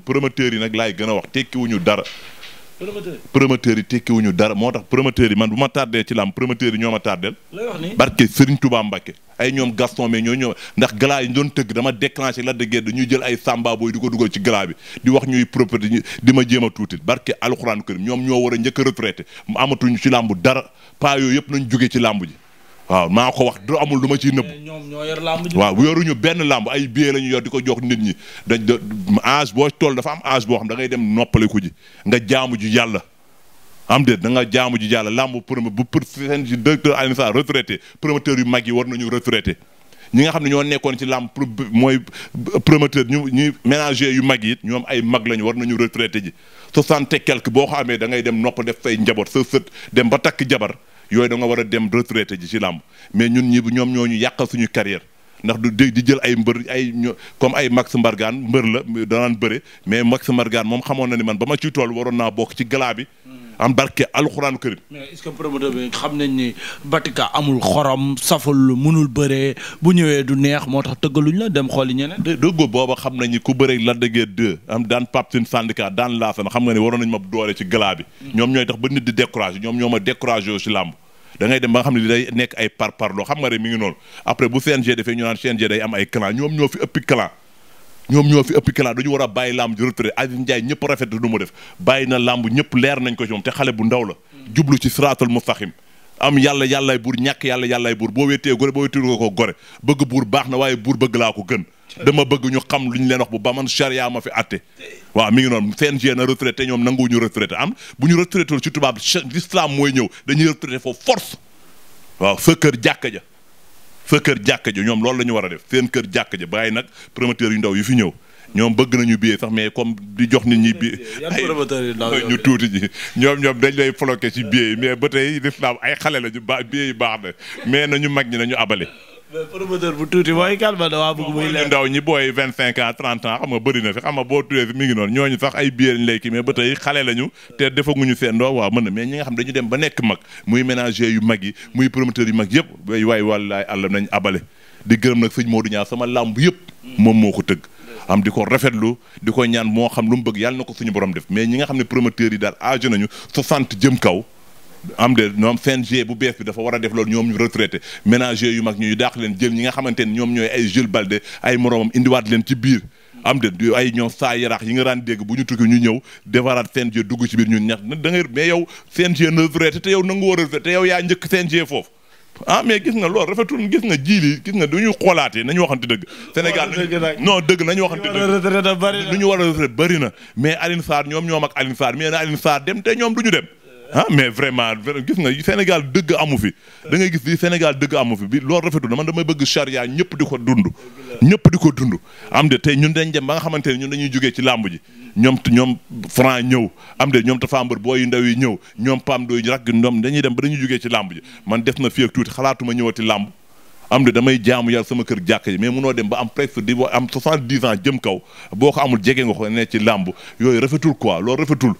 promoteurs yi nag laay gën a wax tekkiwuñu dara. promoteur yi tekkiwuñu dara moo tax promoteur yi man bu ma tardé ci làmb promoteur yi ñoo ma tardel lay wax ni barke Serigne Touba Mbacke ay ñoom Gaston mais ñoo ñoo ndax galaa yi ñu doon tëgg dama déclenché la de guerre ñuy jël ay samba booy ko dugal ci galaa bi di wax ñuy propriété di ma jéema tuuti barke alxuraan kër ñoom ñoo war a njëkk a mu amatuñu ci làmb dara paa yooyu yëpp nañ jóge ci làmb ji waaw maa ko wax du amul lu ma ciy nëbb. ñoom ñoo yor waaw yoruñu benn làmb ay billet la ñu yor di ko jox nit ñi dañ de âge boo toll dafa am âge boo xam da ngay dem noppaliku ji nga jaamu ji yàlla. am da nga jaamu ji yàlla làmb promo bu pour seen directeur Alioune Sarr retraité promoteur yu mag yi war nañu retraité. ñi nga xam ne ñoo nekkoon ci làmb mooy promoteur ñu ñuy yu mag yi ñoom ay mag lañu war nañu retraité ji soixante et quelque boo xamee da ngay dem nopp def fay njaboot sa sët dem ba takk jabar. yooyu danga war a dem retraité ji ci làmb mais ñun ñi ñoom ñoo ñu yàqal suñu carrière ndax du di jël ay mbër ay comme ay Max Mbargane mbër la danaan bëre mais Max Mbargane moom xamoon na ni man ba ma ciy tool waroon naa bokk ci galaa bi. am barke alxuraanu kërim. mais est xam nañ ni Batika amul xorom saful mënul bëree bu ñëwee du neex moo tax tëggaluñ la dem xooli ñeneen. dëgg booba xam nañu ku bëree la dëggee deux am daan Pape Sine syndicat daan Laasana xam nga ne waroon ma doole ci galaa bi. Mm. ñoom ñooy tax ba ñoom ñoo ma découragé ci làmb da dem ba xam ne day nekk ay par parloo xam nga rek mi ngi noonu après bu CNG defee ñu naan CNG day am ay clan ñoom ñoo fi ëppi clan ñoom ñoo fi ëppi clan dañu war a bàyyi làmb ji retraité Aziz Ndiaye ñëpp rafet du mu def bàyyi na làmb ñëpp leer nañ ko ci moom te xale bu ndaw la jublu ci siraatul mustaqim am yàlla yàllaay buur ñàkk yàlla yàllay buur boo wéetee gore boo wéetee ko gore bëgg buur baax na waaye buur bëgg laa ko gën dama bëgg ñu xam lu ñu leen wax bu ba man charia ma fi àtte waaw mi ngi noonu CNG na retraité ñoom nanguwuñu retraité am bu ñu retraité ci tubaab l'islam mooy ñëw dañuy retraité foofu force waaw sa kër jàkka ja sa kër jàkka ja ñoom loolu la ñu war a def seen kër jàkka ja bàyyi nag promoteur yu ndaw yu fi ñëw ñoom bëgg nañu billet sax mais comme di jox nit ñi billet ay ñu tuuti ji ñoom ñoom dañ lay bloqué ci billet yi mais ba tey l'islam ay xale la ñu ba baax na mais nañu mag ñi nañu abale promoteur bu tuuti mooy calme na waa bëgg muy leer ndaw ñi booy vingt cinq ans trente ans xam nga bëri na fi xam nga boo tuddee fi mi ngi noonu ñooñu sax ay biir lañ lay kii mais ba tey xale lañu te defaguñu seen doom waaw mën na mais ñi nga xam dañu ba nekk mag muy ménager yu mag yi muy promoteur yu mag yëpp way waay wàllaay àllam nañ abale di gërëm nag moo Modou Niang sama làmb yëpp moom moo ko tëgg am di ko rafetlu di ko ñaan moo xam lu mu bëgg yàlla na ko suñu borom def mais ñi nga xam ne promoteur yi daal âgé nañu soixante jëm kaw am de ñoom CNG bu bees bi dafa war a def loolu ñoom ñu retraité ménager yu mag ñuy dàq leen jël ñi nga xamante ni ñoom ñooy ay Jules Balde ay moromam indiwaat leen ci biir am de ay ñoom saa yaraax yi nga daan dégg bu ñu tukki ñu ñëw defaraat CNG dugg ci biir ñun ñax da nga mais yow CNG na retraité te yow nangu woo retraité te yow yaa njëkk CNG foofu ah mais gis nga loolu rafetul gis nga jiili gis nga du ñu xoolaatee nañu waxante dëgg Sénégal non dëgg nañu waxante dëgg lu ñu war bëri na mais Alioune Sarr ñoom ñoom ak Alioune Sarr mais na dem te ñoom du dem ah mais vraiment gis nga Sénégal dëgg amu fi da ngay gis li Sénégal dëgg amu fi bi loolu rafetul man damay bëgg charia ñëpp di ko dund ñëpp di ko dund am de tey ñun dañ dem ba nga xamante ne ñun dañuy jógee ci làmb ji ñoom ñoom franc ñëw am de ñoom Tapha Mbeur booy yu yi ñëw ñoom pam dooy rak ñoom dañuy dem ba dañuy jógee ci làmb ji man def na fii ak tuuti xalaatuma ñëwati làmb am de damay jaamu yàlla sama kër jàkk ji mais munoo dem ba am presque di am soixante-dix ans jëm kaw boo ko amul jegee nga ko ne ci làmb yooyu rafetul quoi loolu rafetul